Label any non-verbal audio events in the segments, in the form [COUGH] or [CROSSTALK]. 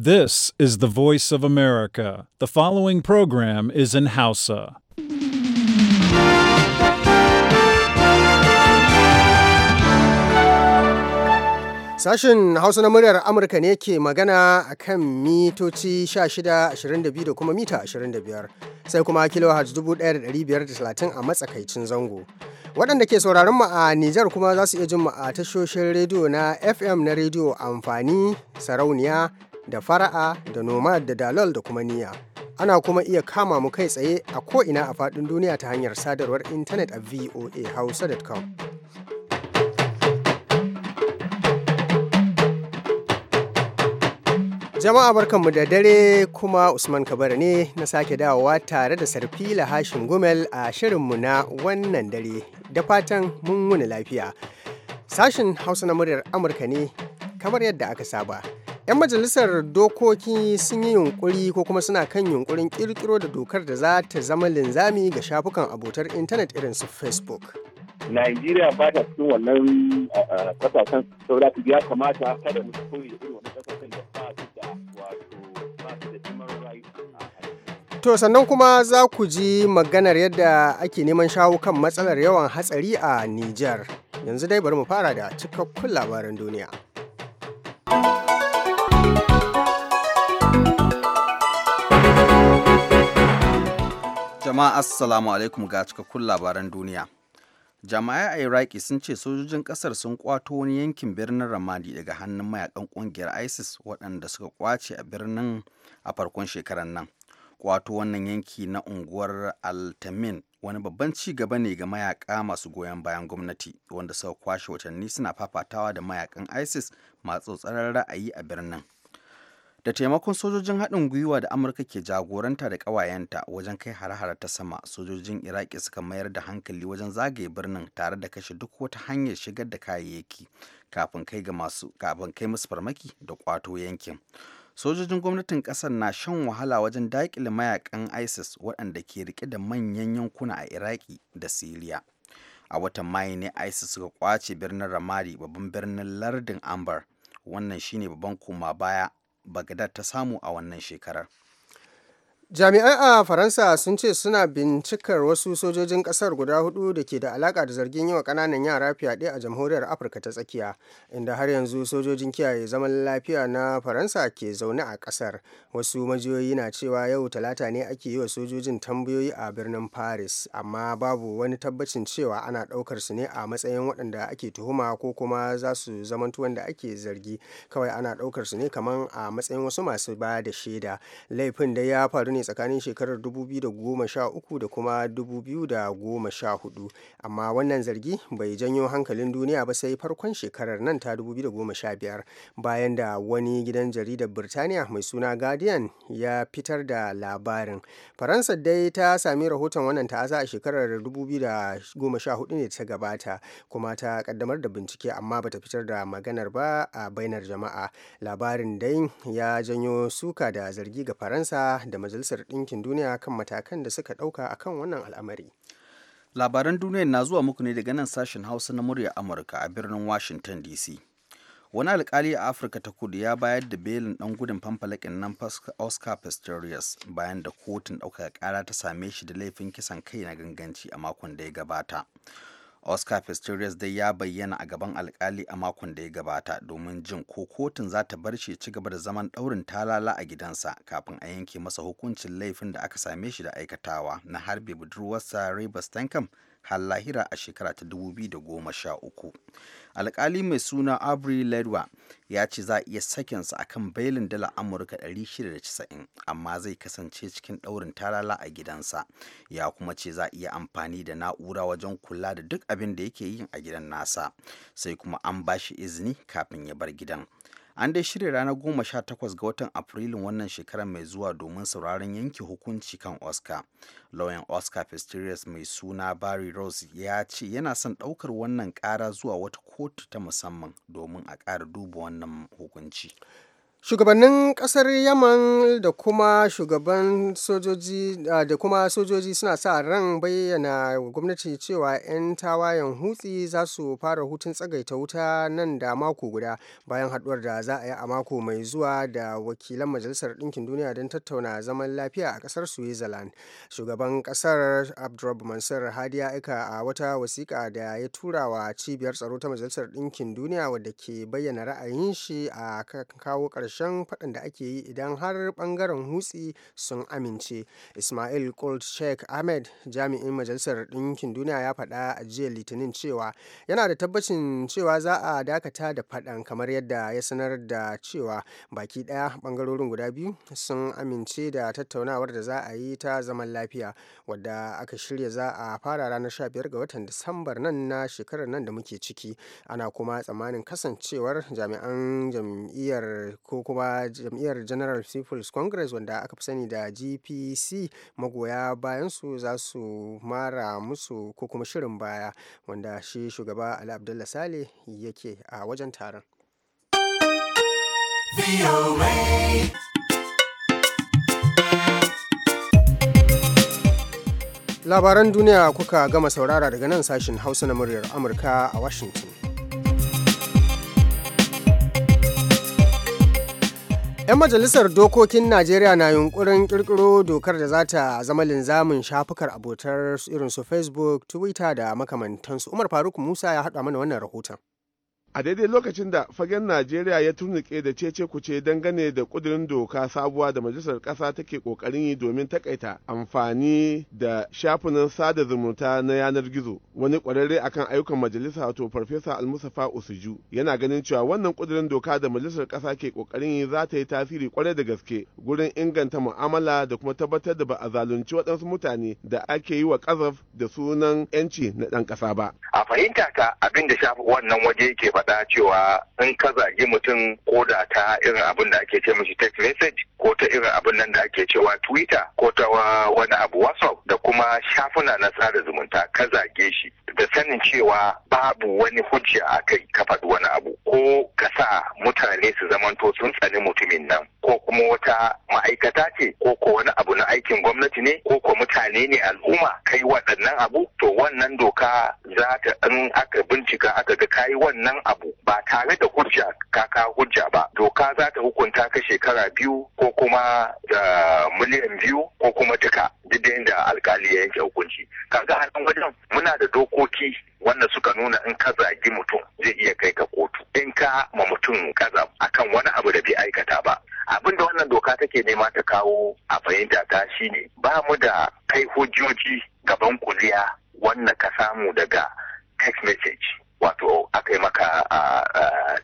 This is the voice of America. The following program is in Hausa. Sashen Hausa na muryar Amurka ne ke magana a kan mitoci 16, 22 da kuma mita 25, sai kuma kilohertz 1530 a matsakaicin zango. waɗanda ke sauraron mu a Nijar kuma za su iya jin mu a tashoshin rediyo na FM na rediyo amfani sarauniya da fara'a da noma, da dalol da kuma niyya, ana kuma iya kama mu kai tsaye a ko'ina a faɗin duniya ta hanyar sadarwar intanet a voahausa.com Jama'a barkanmu da dare kuma Usman Kabar ne na sake dawowa tare da sarfi Hashin Gumel a shirinmu na wannan dare da fatan mun wuni lafiya. Sashen Hausa na muryar Amurka ne kamar yadda aka saba 'Yan majalisar dokoki sun yi yunkuri ko kuma suna kan yunkurin kirkiro da dokar da za ta zama linzami ga shafukan abotar intanet irin su Facebook. nigeria ba ta cikin wannan eh, eh, kasashen saboda ya kamata kada mu su To sannan kuma za ku ji maganar yadda ake neman shawo kan matsalar yawan hatsari a Nijar. Yanzu dai bari mu fara da cikakkun labaran duniya. Jama'a Assalamu alaikum ga cikakkun labaran duniya. Jama'ai a Iraki sun ce sojojin kasar sun kwato wani yankin birnin Ramadi daga hannun mayakan kungiyar ISIS waɗanda suka kwace a birnin a farkon shekarar nan. Kwato wannan yanki na unguwar Altamin wani babban ci gaba ne ga mayaka masu goyon bayan gwamnati wanda suka kwashe watanni suna fafatawa da mayakan ISIS masu tsatsaren ra'ayi a birnin. da taimakon sojojin haɗin gwiwa da amurka ke jagoranta da ƙawayenta wajen kai hare-hare ta sama sojojin iraki suka mayar da hankali wajen zagaye birnin tare da kashe duk wata hanyar shigar da kayayyaki kafin kai ga masu kafin kai musu farmaki da kwato yankin sojojin gwamnatin ƙasar na shan wahala wajen daƙile mayakan isis waɗanda ke rike da manyan yankuna a iraki da siriya a watan mayu ne isis suka kwace birnin ramadi babban birnin lardin ambar wannan shine babban koma baya bagdad ta samu a wannan shekarar jami'ai a faransa sun ce suna bincikar wasu sojojin kasar guda hudu da ke da alaka da zargin yi wa kananan yara fyaɗe a jamhuriyar afirka ta tsakiya inda har yanzu sojojin kiyaye zaman lafiya na faransa ke zaune a kasar wasu majiyoyi na cewa yau talata ne ake yi wa sojojin tambayoyi a birnin paris amma babu wani tabbacin cewa ana ɗaukar su ne a matsayin waɗanda ake tuhuma ko kuma za su zamantu wanda ake zargi kawai ana ɗaukar su ne kaman a matsayin wasu masu ba da shaida laifin da ya faru ne ne tsakanin shekarar 2013 da kuma 2014 amma wannan zargi bai janyo hankalin duniya ba sai farkon shekarar nan ta 2015 bayan da wani gidan jaridar birtaniya mai suna guardian ya fitar da labarin faransa dai ta sami rahoton wannan ta'aza a shekarar 2014 ne ta gabata kuma ta kaddamar da bincike amma bata fitar da maganar ba a bainar jama'a labarin dai ya janyo suka da zargi ga faransa da majalisar majalisar ɗinkin duniya kan matakan da suka ɗauka akan wannan al'amari labaran duniya na zuwa muku ne daga nan sashen hausa na murya amurka a birnin washington dc wani alkali a afirka ta kudu ya bayar da belin ɗan gudun famfalakin nan oscar pistorius bayan da kotun ɗaukaka ƙara ta same shi da laifin kisan kai na ganganci a makon da ya gabata oscar pistorius dai ya bayyana a gaban alkali a makon da ya gabata domin jin ko kotun za ta bar shi ci gaba da zaman ɗaurin talala a gidansa kafin a yanke masa hukuncin laifin da aka same shi da aikatawa na harbe budurwarsa Rebus stankham har a shekara ta 2013 alkali mai suna aubrey ledwa ya ce za a iya sakinsa a kan bailin dala amurka 690 amma zai kasance cikin ɗaurin talala a gidansa ya kuma ce za a iya amfani da na'ura wajen kula da duk abin da yake yin a gidan nasa sai kuma an ba shi izini kafin ya bar gidan an dai shirya ranar goma sha takwas ga watan afrilun wannan shekarar mai zuwa domin sauraron yanke hukunci kan oscar lauyan oscar pistorius mai suna barry rose ya ce yana son daukar wannan kara zuwa wata kotu ta musamman domin a kara duba wannan hukunci shugabannin kasar yaman da kuma shugaban sojoji da kuma sojoji suna sa ran bayyana gwamnati cewa 'yan tawayen hutsi za su fara hutun tsagaita wuta nan da mako guda bayan haduwar da za a yi a mako mai zuwa da wakilan majalisar ɗinkin duniya don tattauna zaman lafiya a kasar switzerland shugaban kasar abdurrahman mansur hadi ya aika a wata wasiƙa da ya tura wa cibiyar tsaro ta majalisar ɗinkin duniya wadda ke bayyana ra'ayin shi a kawo ƙarshen ƙarshen faɗan da ake yi idan har ɓangaren hutsi sun amince ismail kult sheikh ahmed jami'in majalisar ɗinkin duniya ya faɗa a jiya litinin cewa yana da tabbacin cewa za a dakata da faɗan kamar yadda ya sanar da cewa baki ɗaya ɓangarorin guda biyu sun amince da tattaunawar da za a yi ta zaman lafiya wadda aka shirya za a fara ranar 15 ga watan disambar nan na shekarar nan da muke ciki ana kuma tsammanin kasancewar jami'an jam'iyyar ko kuma jam'iyyar general people's congress wanda aka fi sani da gpc magoya bayansu za su mara musu ko kuma shirin baya wanda shi shugaba ali abdullah sale yake a wajen taron labaran duniya kuka gama saurara daga nan sashen hausa na muryar amurka a washington 'Yan majalisar dokokin Najeriya na yunkurin kirkiro dokar da za ta zama linzamin shafukar abotar irin su Facebook, Twitter da makamantansu. Umar Faruk Musa ya haɗa mana wannan rahoton. a daidai lokacin da fagen najeriya ya turnike da cece kuce dangane da kudirin doka sabuwa da majalisar kasa take kokarin yi domin takaita amfani da shafinan sada zumunta na yanar gizo wani kwararre akan ayyukan majalisa wato farfesa almusafa usuju yana ganin cewa wannan kudirin doka da majalisar ƙasa ke kokarin yi za ta yi tasiri kwarai da gaske gurin inganta mu'amala da kuma tabbatar da ba a zalunci waɗansu mutane da ake yi wa kazaf da sunan 'yanci na ɗan ƙasa ba. a fahimta ka abin da shafi wannan waje ke faɗa cewa in ka zagi mutum ko da ta irin abin da ake ce mashi text message ko ta irin abin nan da ake cewa twitter ko ta wani abu whatsapp da kuma shafuna na tsara zumunta ka zage shi da sanin cewa babu wani hujja kai ka faɗi wani abu ko ka sa mutane su zamanto sun tsani mutumin nan ko kuma wata ma'aikata ce ko ko wani abu na aikin gwamnati ne ko ko mutane ne al'umma kai waɗannan abu to wannan doka za ta in aka bincika aka ga kayi wannan abu ba tare da hujja ka ka hujja ba doka za ta hukunta ka shekara biyu ko kuma da eh, miliyan biyu ko kuma duka duk da inda alkali ya yanke hukunci kaga a nan wajen muna da dokoki wanda suka nuna in ka zagi mutum zai iya kai ka kotu in ka ma mutum kaza akan wani abu da bai aikata ba abin da wannan doka take nema ta kawo a fahimta ta shine ba mu da kai hujjoji gaban kuliya wannan ka samu daga text message wato aka yi maka a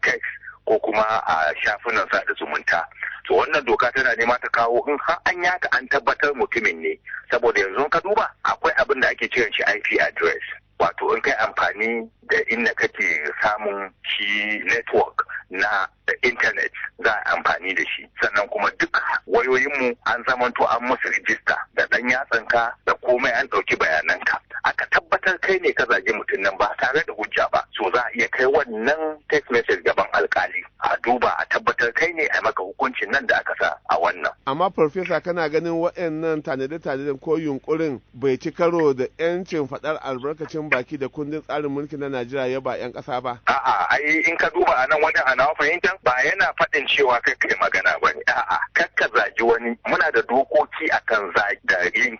text ko kuma a shafunan sada zumunta to wannan doka tana nema ta kawo in har an yaka an tabbatar mutumin ne saboda yanzu ka duba akwai abin da ake kiran shi IP address wato in kai amfani da inda kake samun shi network na internet za a amfani da shi sannan kuma duk wayoyinmu an zamanto an musu rijista da ɗan yatsanka da komai an ɗauki bayananka aka tabbatar kai ne ka zagi mutum nan ba tare da hujja ba so za a iya kai wannan text message gaban alkali a duba a tabbatar kai ne a maka hukuncin nan da aka sa a wannan amma farfesa kana ganin waɗannan tanade tanadi ko yunkurin bai ci karo da yancin faɗar albarkacin baki da kundin tsarin mulki na najeriya ya ba yan ƙasa ba a'a ai in ka duba a nan wajen ana fahimtar ba yana faɗin cewa kai kai magana ba ne a'a kakka zagi wani muna da dokoki akan zagi da yin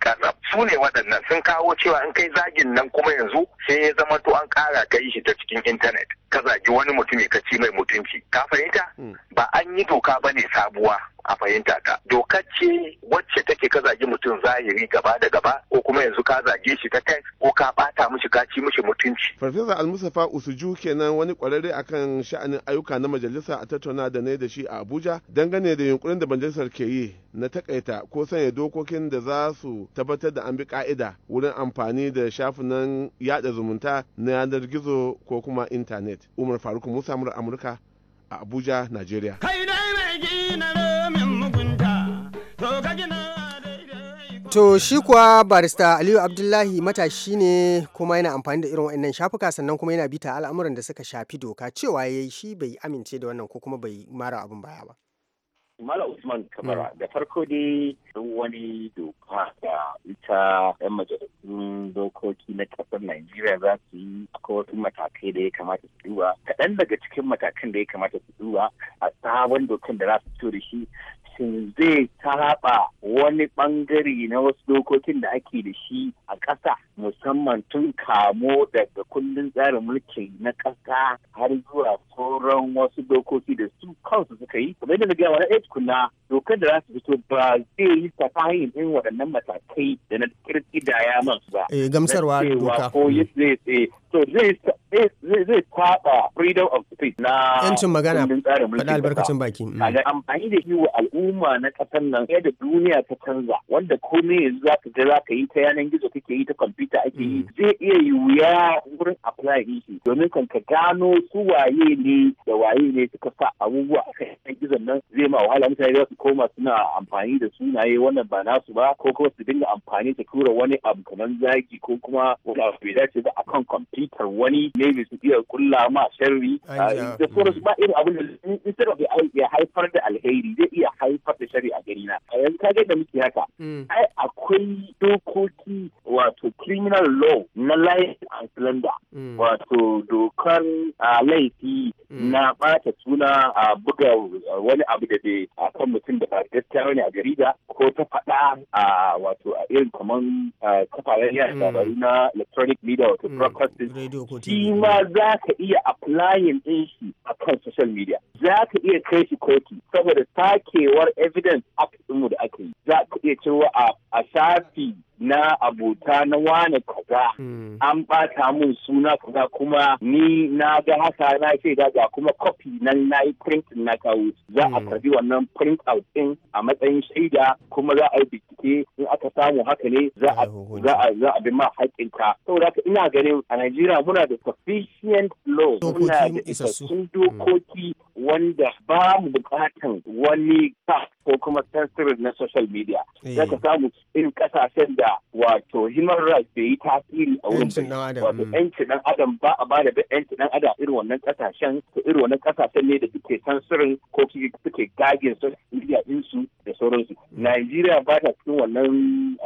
su ne waɗannan sun kawo cewa in kai zagin nan kuma yanzu sai ya zama to an kara kai shi ta cikin intanet ka zagi wani mutum ka ci mai mutunci ka fahimta hmm. ba an yi doka ne sabuwa a fahimta ta doka ce wacce take ka zagi mutum zahiri gaba da gaba ko kuma yanzu ka zage shi ta kai ko ka bata mishi ka ci mishi mutunci farfesa almusafa usuju kenan wani kwararre akan sha'anin ayyuka na majalisa a tattauna da ne da shi a abuja dangane da yunkurin da majalisar ke yi na takaita ko sanya dokokin da za su tabbatar da an bi ka'ida wurin amfani da shafinan yada zumunta na yanar gizo ko kuma intanet umar faruk musa amurka a abuja nigeria kai dai mai To shi kuwa barista Aliyu Abdullahi matashi ne kuma yana amfani da irin wannan shafuka sannan kuma yana bita al'amuran da suka shafi doka cewa ya yi shi bai amince da wannan ko kuma bai mara abin baya ba. Mala Usman Kamara mm. da farko dai wani doka da ita 'yan majalisun dokoki na kasar Najeriya za su yi akwai wasu matakai da ya kamata su duba. Kaɗan daga cikin matakan da ya kamata su duba a sabon dokan da za su fito da shi shin zai taɓa wani ɓangare na wasu dokokin da ake da shi a ƙasa musamman tun kamo daga kundin tsarin mulki na ƙasa har zuwa sauran wasu dokoki da su kansu suka yi Kuma yadda na gaya wani eh, kuna dokar da za su fito ba zai yi tafahin in waɗannan matakai da na kirki da ya ba. Eh gamsarwa doka. Ko zai tsaye. To zai zai kwaba freedom of speech na yancin magana faɗa albarkacin baki mm. ga amfani da wa al'umma na ƙasar nan yadda duniya ta canza wanda komai yanzu za ka za ka yi ta yanar gizo kake yi ta kwamfuta ake yi mm. zai iya yiwuya wurin apply shi domin kan ka gano su waye ne da waye ne suka sa abubuwa a kan gizon nan zai ma wahala mutane za su koma suna amfani da sunaye wannan ba nasu ba ko kuma su dinga amfani da tura wani abu kamar zagi ko kuma wani abu bai dace ba akan kwamfutar wani ne maybe su iya kulla ma sharri eh, da sauransu ba irin abin da instead of ya haifar da alheri zai iya haifar da sharri a gari na a yanzu kage da muke haka hmm. ai akwai dokoki wato criminal law na life and slander hmm. wato dokar laifi hmm. na bata suna a buga wani abu da bai a kan mutum da ba gaskiya wani a jarida ko ta faɗa a wato a irin kaman kafaren yada labaru na electronic media wato broadcasting ma za ka iya applying ɗin shi a kan social media za ka iya kai shi kotu saboda sakewar evidence act ɗinmu da ake yi za ka iya cewa a shafi na abota na wane kaza hmm. an bata mun suna kaza kuma ni na ga haka na ce ga kuma kofi nan na yi print na kawo za a hmm. karbi wannan print out din a matsayin shaida kuma za a yi bincike in aka samu haka ne za a bi ma ka saboda haka ina ganin a Najeriya muna da sufficient law muna da isassun dokoki hmm. wanda ba mu bukatan wani ka ko kuma sensor na social media eh. za ka samu irin kasashen da wato human rights bai yi tasiri a wurin wato mm. yanci dan adam ba a bada da yanci dan adam irin wannan kasashen ko irin wannan kasashen ne da suke sensorin ko suke gagin social media din da sauransu mm. Najeriya ba ta cikin wannan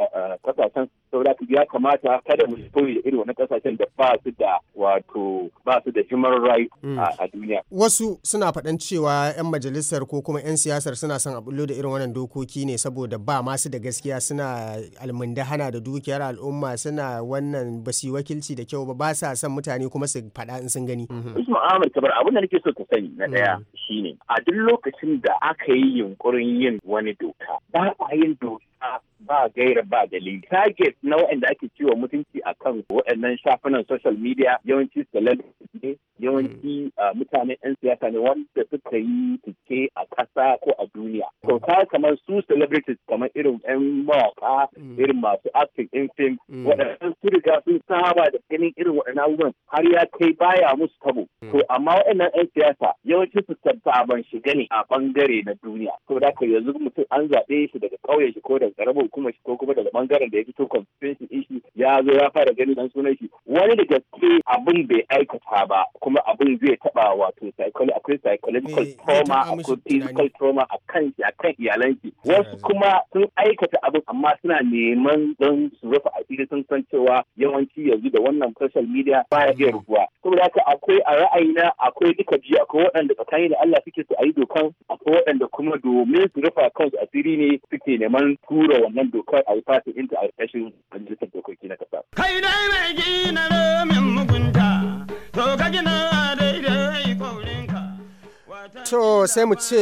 eh, eh, kasashen saboda ya kamata kada mu koyi irin wani kasashen da ba su da wato ba su da human rights hmm. a duniya. Wasu suna faɗan cewa 'yan majalisar ko kuma 'yan siyasar suna son a da irin wannan dokoki ne saboda ba masu da gaskiya suna almunda hana da dukiyar al'umma suna wannan ba su wakilci da kyau ba ba sa son mutane kuma su faɗa in sun gani. Usman Ahmad Kabar abin da nake so ka sani na ɗaya hmm. shine a duk lokacin da aka yi yunkurin yin wani doka ba a yin doka ba gaira ba dalili target na waɗanda ake ciwo mutunci a kan waɗannan shafunan social media yawanci celebrities ne yawanci hmm. ah, mutane 'yan siyasa ne wanda suka yi cike a ƙasa ko a duniya. To hmm. ka kamar su celebrities kamar irin 'yan mawaƙa hmm. irin masu acting in film waɗannan su riga sun saba da ganin irin waɗannan abubuwan har ya kai baya musu tabo. To amma waɗannan 'yan siyasa yawanci su ban shiga ne a bangare na duniya. To da ka yanzu mutum an zaɓe shi daga ƙauye shi ko daga ƙaramin hukumar shi ko kuma daga bangaren da ya fito constitution shi ya zo ya fara ganin dan sunan shi wani da gaske abin bai aikata ba kuma abin zai taba wato akwai psychological eh, trauma akwai physical trauma a kan a kan iyalan shi wasu kuma sun aikata abin amma suna neman don su rufe cikin sun san cewa yawanci yanzu da wannan social media baya iya mm. rufuwa saboda haka akwai a ra'ayina akwai duka biyu akwai waɗanda tsakani da Allah suke su ayi yi dokan akwai waɗanda kuma domin su rufa kansu asiri ne suke neman tura wannan dokar a yi fatin inta a ƙarshen majalisar dokoki na ƙasa. Kai dai mai gina min mugunta to sai mu ce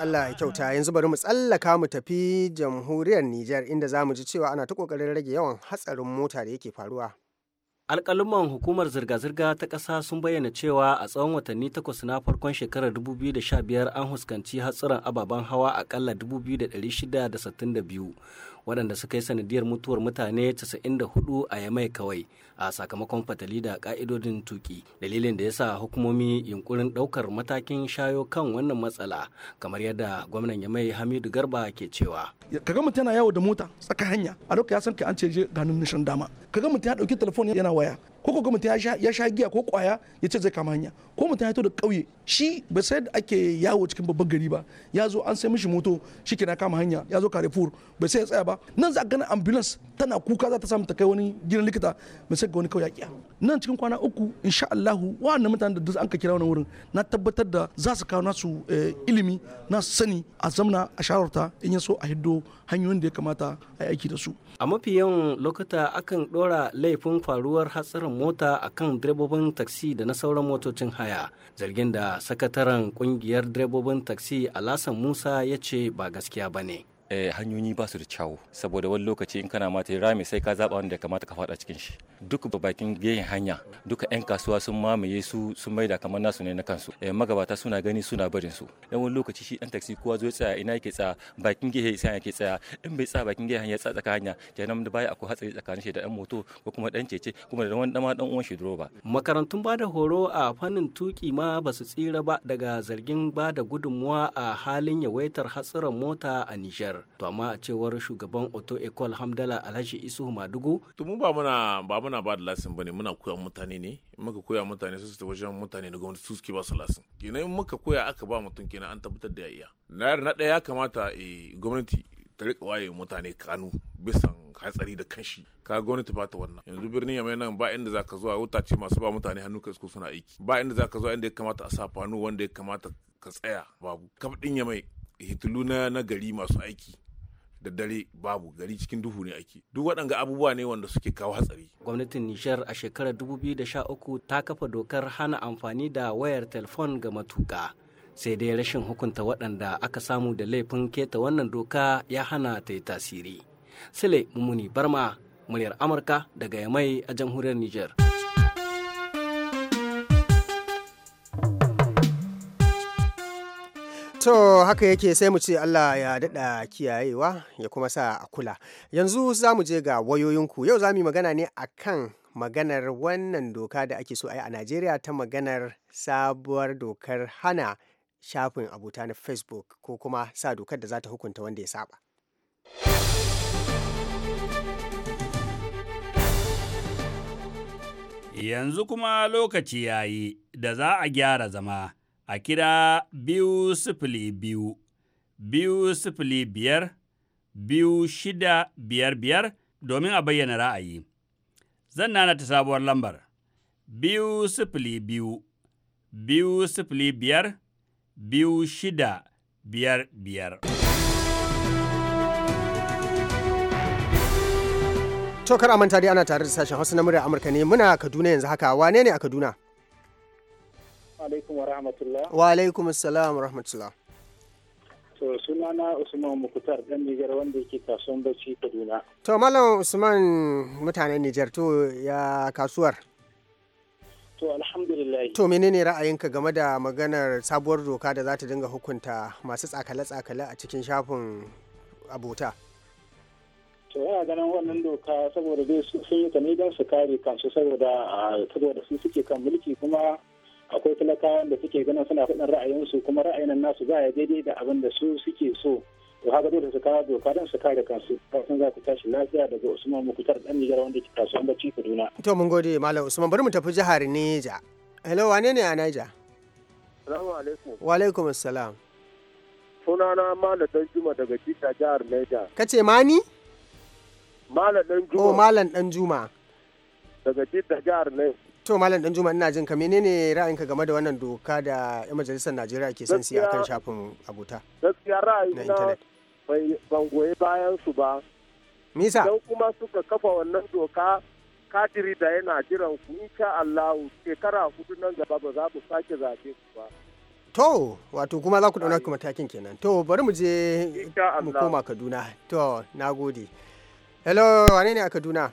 Allah ya kyauta yanzu bari mu tsallaka mu tafi jamhuriyar Nijar inda za mu ji cewa ana ta kokarin rage yawan hatsarin mota da yake faruwa. alƙaluman hukumar zirga-zirga ta ƙasa sun bayyana cewa a tsawon watanni takwas na farkon shekarar 2015 an huskanci hatsuran ababen hawa aƙalla 2,662 waɗanda suka yi sanadiyar mutuwar mutane 94 a yamai kawai a sakamakon fatali da ka'idodin tuki dalilin da ya sa hukumomi yunkurin ɗaukar matakin shayo kan wannan matsala kamar yadda gwamnan yamai hamidu garba ke cewa kaga mutum yana yawo da mota tsaka hanya a lokacin ya san ka an ce je ganin nishin dama kaga mutum ya ɗauki telefon yana waya ko ko mutum ya sha giya ko kwaya ya ce zai kama hanya ko mutum ya to da ƙauye shi ba sai da ake yawo cikin babban gari ba ya zo an sai mishi moto shi ke na kama hanya ya zo carrefour ba sai ya tsaya ba nan za a gana ambulance tana kuka za ta samu ta kai wani gidan likita ba sai ga wani ƙauye ya nan cikin kwana uku insha Allahu wa mutanen da duk an ka kira wannan wurin na tabbatar da za su kawo nasu eh, ilimi na sani a zamna a shawarta in so a hiddo hanyoyin da ya kamata a aiki da su a mafi yawan lokuta akan dora laifin faruwar hatsarin mota akan direbobin taksi da na sauran motocin haya zargin da sakataren kungiyar direbobin taksi alasan musa ya ce ba gaskiya ba ne Eh, hanyoyi ba su da kyawu saboda wani lokaci in kana mata rami sai ka zaba wanda ya kamata ka fada cikin shi duk bakin gehen hanya duka yan kasuwa sun mamaye su sun maida kamar nasu ne na kansu eh, magabata suna gani suna barin su dan wani lokaci shi dan taxi kowa zo tsaya ina yake tsaya bakin gehe sai yake tsaya in bai tsaya bakin gehen hanya tsaya tsaka hanya kenan da baya akwai hatsari tsakanin shi da dan moto ko kuma dan cece kuma da wani dama dan uwan shi droba makarantun bada horo a fannin tuki ma ba su tsira ba daga zargin bada gudunmuwa a halin yawaitar hatsarin mota a Nijar kasar to amma a cewar shugaban Oto Ecole Hamdala Alhaji Isu Madugu to mu ba muna ba muna ba da lasin bane muna koya mutane ne muka koya mutane su ta wajen mutane da gwamnati su suke ba su lasin kenan muka koya aka ba mutum kenan an tabbatar da iya na na daya ya kamata eh, gwamnati ta rika waye mutane kanu bisan hatsari da kanshi ka gwamnati ba ta wannan yanzu birnin yamai nan ba inda zaka zuwa wuta ce masu ba mutane hannu ka suna aiki ba inda zaka zuwa inda ya kamata a sa fano wanda ya kamata ka tsaya babu kaf din yamai hitilu na, na gari masu aiki da dare babu gari cikin duhu ne ake duk waɗanga abubuwa ne wanda suke kawo hatsari gwamnatin nijar a shekarar 2013 ta kafa dokar hana amfani da wayar telefon ga matuka sai dai rashin hukunta waɗanda aka samu da laifin keta wannan doka ya hana ta yi tasiri sile mummuni barma muryar amurka daga yamai a jamhuriyar nijar To haka yake sai mu ce Allah ya daɗa kiyayewa ya kuma sa a kula. Yanzu za mu je ga wayoyinku yau za mu yi magana ne a kan maganar wannan doka da ake so a yi a Najeriya ta maganar sabuwar dokar hana shafin abuta na Facebook ko kuma sa dokar da za ta hukunta wanda ya saba. Yanzu kuma lokaci ya yi da za a gyara zama. a kira biyu sifili biyu, biyu sifili biyar, biyu shida biyar biyar domin a bayyana ra'ayi. Zan nana ta sabuwar lambar, biyu sifili biyu, biyu sifili biyar, biyu shida biyar biyar. Tokar a dai ana tare da sashen Hausa na murya Amurka ne muna Kaduna yanzu haka wane ne a Kaduna? alaikum wa rahmatullah. Wa alaikum assalam wa rahmatullah. To sunana Usman Mukutar dan Nijar wanda yake kasuwan bacci Kaduna. To Malam Usman mutanen Nijar to ya kasuwar? To alhamdulillah. To menene ra'ayinka game da maganar sabuwar doka da za ta dinga hukunta masu tsakale-tsakale a cikin shafin abota? to yana ganin wannan doka saboda dai sun yi ta ne don su kare kansu saboda ah, saboda su suke kan mulki kuma akwai talakawan da suke ganin suna faɗin ra'ayinsu kuma ra'ayin nasu ba ya daidai da abin da su suke so to haka dole su kawo doka don su kare kansu kafin za ku tashi lafiya daga usman mukutar dan nijar wanda ke kasuwan bacci kaduna. to mun gode malam usman bari mu tafi jihar neja hello wane ne a naija. salamu alaikum. wa alaikum assalam. sunana malam dan juma daga jita jihar neja. kace mani. malam dan juma. oh malam dan juma. daga jita jihar neja. to malam dan juma ina jin ka menene ra'ayinka game da wannan doka da yan majalisar najeriya ke son siya akan shafin abota gaskiya ra'ayina na ban goyi bayan su ba misa dan kuma suka kafa wannan doka kadiri da yana jiran ku insha Allah shekara hudu nan gaba ba za ku sake zabe su ba to wato kuma za ku dauna ku matakin kenan to bari mu je mu koma Kaduna to nagode hello wane ne a Kaduna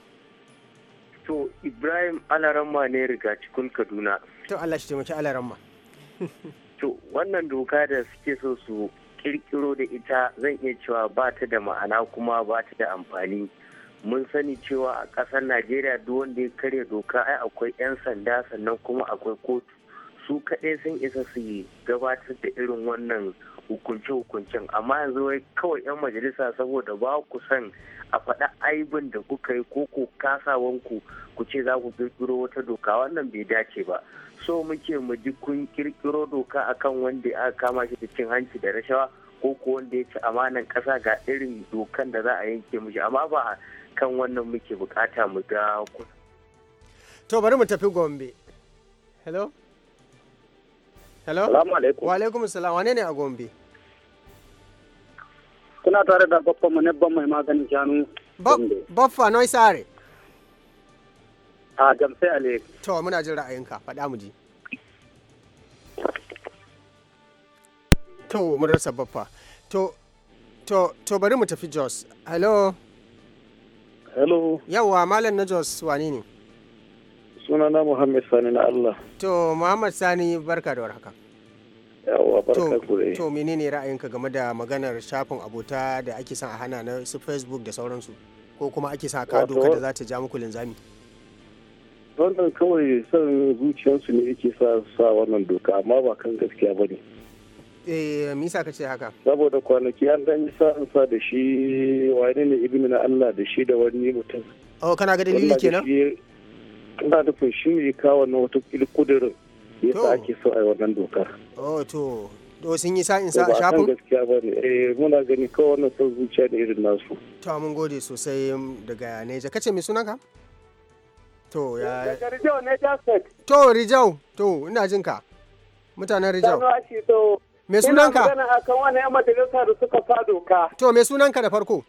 to ibrahim alaramma ne riga cikin kaduna to allah shi taimaki alaramma [LAUGHS] to wannan doka da suke so su kirkiro da ita zan iya cewa ba ta da ma'ana kuma ba ta da amfani mun sani cewa a ƙasar najeriya duk wanda ya karya doka ai akwai 'yan sanda sannan kuma akwai kotu su kaɗai sun isa su gabatar da irin wannan hukunce-hukuncen amma yanzu wai kawai 'yan majalisa saboda ba ku san. a faɗa aibin da kuka yi ko ko kasawanku ku ce za ku kirkiro wata doka wannan bai dace ba so muke mu ji kun kirkiro doka akan wanda aka kama shi da cin hanci da rashawa ko ko wanda ya ci amanan ƙasa ga irin dokan da za a yanke mishi amma ba kan wannan muke bukata mu ga to bari mu tafi gombe hello hello wa alaikum salam wane ne a gombe Kuna tare da babban mu ban mai maganin shanu. Baffa noi sare. A gamsai ale. To muna jin ra'ayinka faɗa mu ji. To mun rasa baffa. To to to bari mu tafi Jos. Hello. Hello. Yawwa Malam na Jos wane ne? Sunana Muhammad Sani na Allah. To Muhammad Sani barka da warhaka. haka. yawa barkan ne to menene ra'ayinka game da maganar shafin abota da ake son a hana na su facebook da sauransu ko kuma ake sa ka doka da za ta ja muku linzami wannan kawai son zuciyarsu ne yake sa sa wannan doka amma ba kan gaskiya ba ne eh misa ka ce haka saboda kwanaki an dan yi sa'ansa da shi wani ne ibnu na Allah da shi da wani mutum oh kana ga dalili kenan ina nufin shi ne kawo na wata kudirin yasa ake so a yi wannan dokar oh to to sun yi sa'in sa a shafin? Ba gaskiya ba ne, eh muna gani kawai wannan sun zuciya da irin nasu. To mun gode sosai daga Neja, kace mai sunanka? To ya. Daga Rijau Neja State. To Rijau, to ina jin ka. Mutanen Rijau. Sanuwa Me sunanka? Ina magana akan wani 'yan majalisa da suka sa doka. To me sunanka da farko?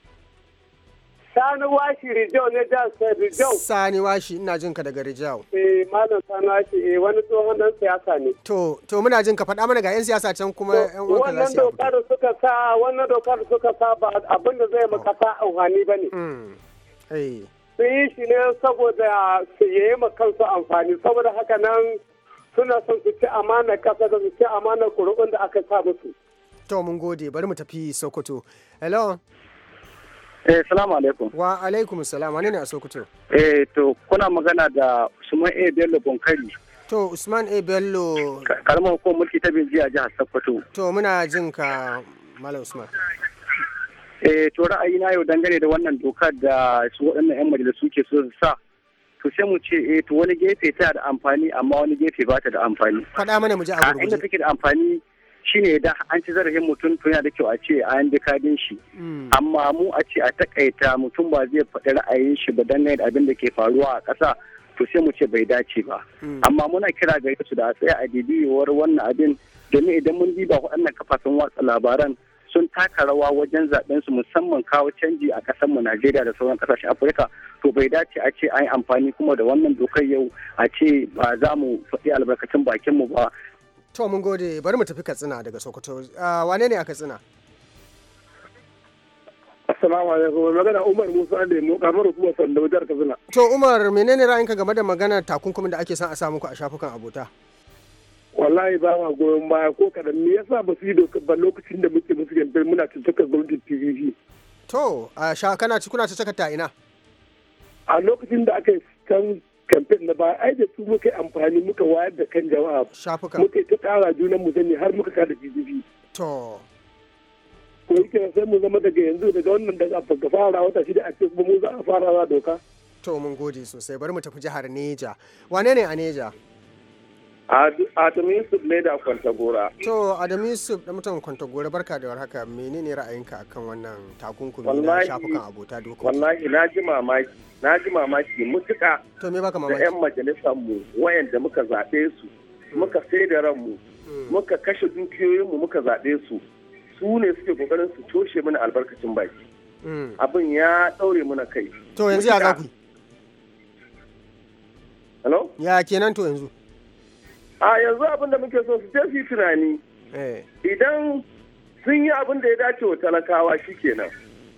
Sani Washi Rijau ne da Rijau. Sani Washi ina jin ka daga Rijau. Eh malam Sani Washi eh wani tsohon dan siyasa ne. To to muna jin ka faɗa mana ga 'yan siyasa can kuma 'yan uwanka za su Wannan dokar suka sa wannan dokar suka sa ba abin da zai maka mm. sa amfani ba ne. Mm. Sun yi shi ne saboda su yi ma kansu amfani saboda haka nan suna son su ci amana kasa da su ci amana kuri'un da aka sa musu. To mun gode bari mu tafi Sokoto. Hello. Eh, salamu alaikum. Wa alaikum salam, wani ne a Sokoto? Eh, to, kuna magana da Usman A. Bello Bonkari. To, Usman A. Bello. Karamar hukumar mulki ta Benji a jihar Sokoto. To, muna jin ka Mala Usman. Eh, to ra'ayi na yau dangane da wannan dokar da su waɗannan 'yan majalisu ke so su sa. To sai mu ce eh to wani gefe ta da amfani amma wani gefe ba ta da amfani. Faɗa mana mu ji a gurguje. Inda take da amfani shine da an ci zarafin mutum to yana da kyau a ce a ji kadin shi hmm. amma mu a ce a takaita mutum ba zai faɗi ra'ayin shi ba dan da abin da ke faruwa a ƙasa to sai mu ce bai dace ba hmm. amma muna kira ga su da a tsaya a didiyowar wannan abin domin idan mun diba waɗannan kafafen watsa labaran sun taka rawa wajen zaben su musamman kawo canji a ƙasar mu Najeriya da sauran ƙasashen Afirka to bai dace a ce an yi amfani kuma da wannan dokar yau a ce ba za mu faɗi albarkacin bakin mu ba to mun gode bari mu tafi katsina daga sokoto ah, wane ne a katsina Assalamu alaikum magana Umar Musa ne mu kamar hukumar sanda jihar Katsina. To Umar menene ra'ayinka game da magana takunkumin da ake son a samu ku a shafukan abota? Wallahi ba ma goyon baya ko kadan me yasa ba su yi doka ba lokacin da muke musu yanzu muna tuntukar gwamnatin PVP. To a sha kana ci kuna ta ina? A lokacin da aka yi can kamfen na ba ai da su muka amfani muka wayar da kan jama'a muka ta kara junan mu sani har muka kada GDP to ko yake sai mu zama daga yanzu daga wannan daga ga fara wata shida a cikin mu za a fara doka to mun gode sosai bari mu tafi jihar Neja wane ne a Neja Adamu Yusuf ne da Kwantagora. To Adamu Yusuf da mutum Kwantagora barka da warhaka menene ra'ayinka akan wannan takunkumi na shafukan abota dokoki? Wallahi na ji mamaki na ji mamaki mutuka. To me baka mamaki? Da 'yan majalisar mu wayanda muka zaɓe su muka sai da ranmu hmm. muka kashe dukiyoyinmu muka zaɓe su su ne suke kokarin su toshe mana albarkacin baki. Hmm. Abin ya ɗaure mana kai. To yanzu ya za ku? Hello? Ya kenan to yanzu. a yanzu abin da muke so su je su yi tunani eh. idan sun yi abin da ya dace wa talakawa shikenan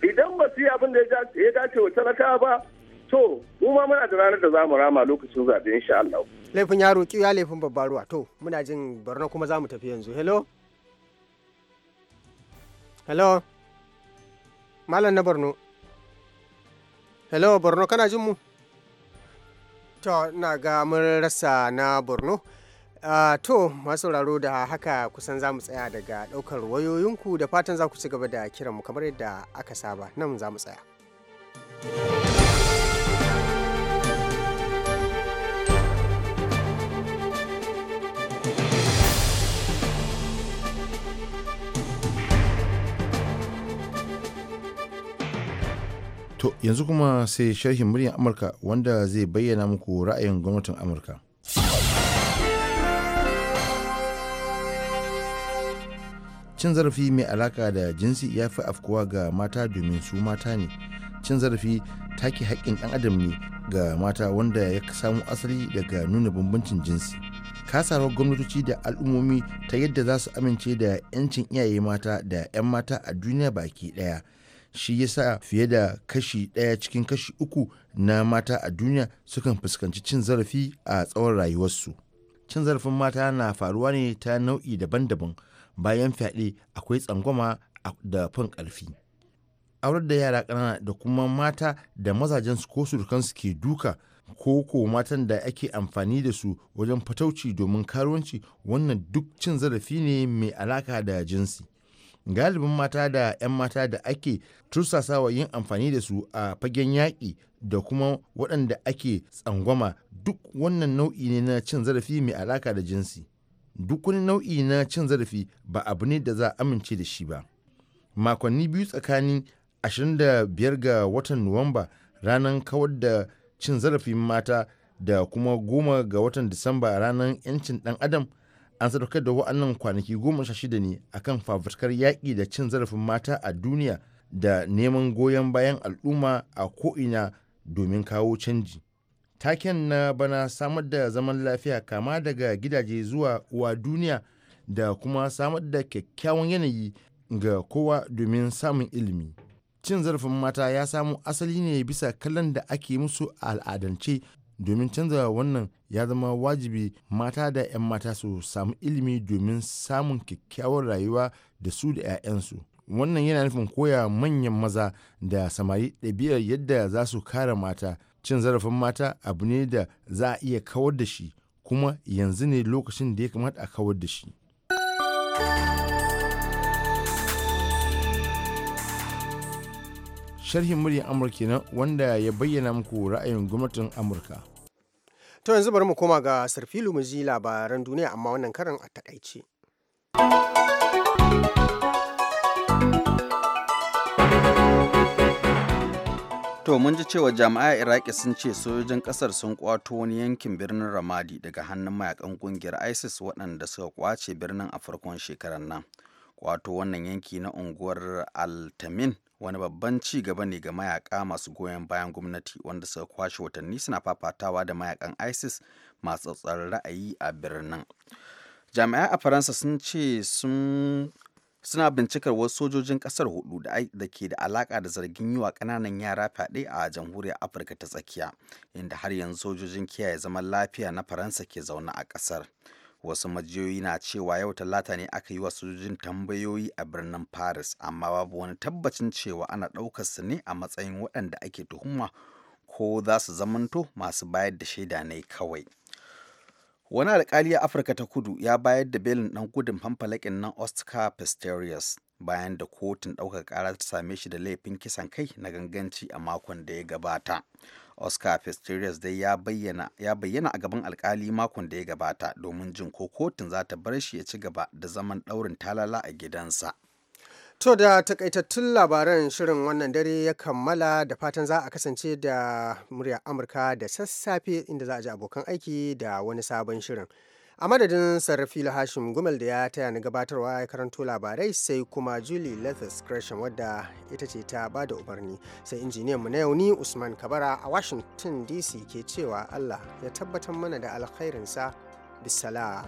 idan ba su yi abin da ya dace wa talakawa ba to mu ma muna da ranar da za mu rama lokacin zaɓe insha Allah laifin yaro ya laifin babbar ruwa to muna jin barna kuma za mu tafi yanzu hello hello malam na borno hello borno kana jin mu to na ga mun rasa na borno Uh, to masu sauraro da haka kusan za mu tsaya daga ɗaukar wayoyinku da fatan za ku ci gaba da kiran mu kamar yadda aka saba nan za mu tsaya. To yanzu kuma sai sharhin muryar Amurka wanda zai bayyana muku ra'ayin gwamnatin Amurka. cin zarafi mai alaka da jinsi ya fi afkuwa ga mata domin su mata ne cin zarafi take haƙƙin ɗan adam ne ga mata wanda ya samu asali daga nuna bambancin jinsi kasawar gwamnatoci da al'ummomi ta yadda za su amince da 'yancin iyaye mata da 'yan mata a duniya baki ɗaya shi yasa fiye da kashi ɗaya cikin kashi uku na mata a duniya sukan fuskanci cin zarafi a tsawon rayuwarsu cin zarafin mata na faruwa ne ta nau'i daban-daban bayan fyaɗe akwai tsangwama da fan ƙarfi aurar da yara ƙanana da kuma mata da mazajen su ko surukansu ke duka ko ko matan da ake amfani da su wajen fatauci domin karuwanci wannan duk cin zarafi ne mai alaka da jinsi galibin mata da 'yan mata da ake tursasawa yin amfani da su a fagen yaƙi da kuma waɗanda ake tsangwama duk wannan nau'i ne na cin zarafi mai alaka da jinsi duk wani nau'i na cin zarafi ba abu ne da za a amince da shi ba makonni biyu tsakanin 25 ga watan nuwamba ranar kawar da cin zarafin mata da kuma goma ga watan disamba ranar 'yancin ɗan adam an sadaukar da wa'annan kwanaki goma sha shida ne akan fafutukar yaƙi da cin zarafin mata a duniya da neman goyon bayan al'umma a ko'ina domin kawo canji. Taken na bana samar da zaman lafiya kama daga gidaje zuwa uwa duniya da kuma samar da kyakkyawan yanayi ga kowa domin samun ilimi. Cin zarafin mata ya samu asali ne bisa kallon da ake musu al'adance domin canza wannan ya zama wajibi mata da 'yan mata su samu ilimi domin samun kyakkyawar rayuwa da su da 'ya'yansu. Wannan yana nufin koya manyan maza da samari ɗabi'ar yadda za su kare mata. cin zarafin mata abu ne da za a iya kawar da shi kuma yanzu ne lokacin da ya kamata a kawar da shi. sharhin muryar amurka kenan wanda ya bayyana muku ra'ayin gwamnatin amurka to yanzu bari mu koma ga sarfilu mu ji labaran duniya amma wannan karin a takaice. To mun ji cewa jami'ai Iraki sun ce sojojin kasar sun kwato wani yankin birnin Ramadi daga hannun mayakan kungiyar ISIS waɗanda suka kwace birnin a farkon shekarar nan. Kwato wannan yanki na unguwar Altamin wani babban ci gaba ne ga mayaka masu goyon bayan gwamnati wanda suka kwashe watanni suna fafatawa da mayakan ISIS masu tsatsar ra'ayi a birnin. Jami'ai a Faransa sun ce sun suna bincikar wasu sojojin kasar hudu da ke da alaka da zargin yi wa kananan yara fyaɗe a jamhuriyar afirka ta tsakiya inda har yanzu sojojin kiyaye zaman lafiya na faransa ke zaune a kasar wasu majiyoyi na cewa yau talata ne aka yi wa sojojin tambayoyi a birnin paris amma babu wani tabbacin cewa ana ɗaukar su ne a matsayin waɗanda ake tuhuma ko za su zamanto masu bayar da shaida ne kawai wani alkali a afirka ta kudu ya bayar da belin dan gudun famfalakin nan oscar pistorius bayan da kotun ɗaukar kara ta same shi da laifin kisan kai na ganganci a makon da ya gabata oscar pistorius dai ya bayyana a gaban alkali makon da ya gabata domin jin ko kotun za ta bar shi ya ci gaba da zaman ɗaurin talala a gidansa To da takaitattun labaran shirin wannan dare ya kammala da fatan za a kasance da murya Amurka da sassafe inda za a ji abokan aiki da wani sabon shirin. A madadin sarrafi Hashim Gumel da ya taya ni gabatarwa ya karanto labarai sai kuma Julie Lethis Gresham wadda ita ce ta ba da umarni sai injiniyanmu na yau ni Usman Kabara a Washington DC ke cewa Allah ya tabbatar mana da alkhairinsa bisala.